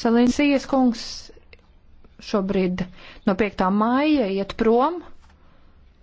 Salinsijas kungs šobrīd no 5. māja iet prom.